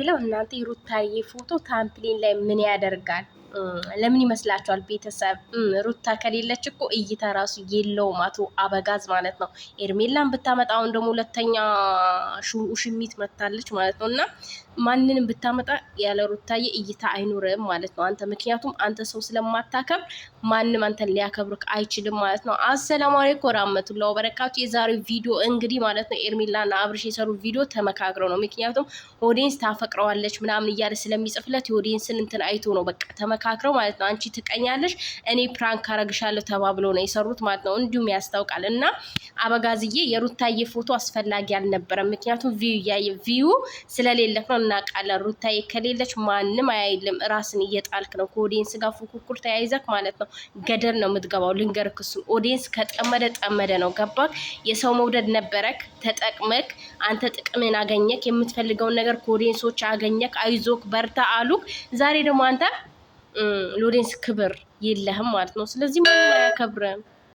የምለው እናንተ የሩታዬ ፎቶ ታምፕሊን ላይ ምን ያደርጋል? ለምን ይመስላችኋል ቤተሰብ? ሩታ ከሌለች እኮ እይታ ራሱ የለውም አቶ አበጋዝ ማለት ነው። ኤርሜላን ብታመጣ አሁን ደግሞ ሁለተኛ ውሽሚት መታለች ማለት ነው። እና ማንንም ብታመጣ ያለ ሩታዬ እይታ አይኖርም ማለት ነው። አንተ ምክንያቱም አንተ ሰው ስለማታከብር ማንም አንተ ሊያከብርክ አይችልም ማለት ነው። አሰላሙ አለይኩም ወራህመቱላሂ ወበረካቱ። የዛሬው ቪዲዮ እንግዲህ ማለት ነው ኤርሜላና አብርሽ የሰሩ ቪዲዮ ተመካክረው ነው። ምክንያቱም ኦዲንስ ታፈቅረዋለች ምናምን እያለ ስለሚጽፍለት የኦዲንስን እንትን አይቶ ነው በቃ ተመካክረው ማለት ነው አንቺ ትቀኛለሽ፣ እኔ ፕራንክ አረግሻለሁ ተባብሎ ነው የሰሩት ማለት ነው። እንዲሁም ያስታውቃል እና አበጋዝዬ የሩታዬ ፎቶ አስፈላጊ አልነበረም። ምክንያቱም ቪዩ እያየ ቪዩ ስለሌለክ ነው እናውቃለን። ሩታዬ ከሌለች ማንም አያይልም። ራስን እየጣልክ ነው ከኦዲየንስ ጋር ፉክክር ተያይዘክ ማለት ነው ገደል ነው የምትገባው። ልንገርክ እሱም ኦዲየንስ ከጠመደ ጠመደ ነው ገባክ። የሰው መውደድ ነበረክ ተጠቅመክ አንተ ጥቅምን አገኘክ የምትፈልገውን ነገር ከኦዲየንሶች አገኘክ። አይዞክ በርታ አሉክ። ዛሬ ደግሞ አንተ ሎሬንስ ክብር የለህም ማለት ነው። ስለዚህ ማንም አያከብርም።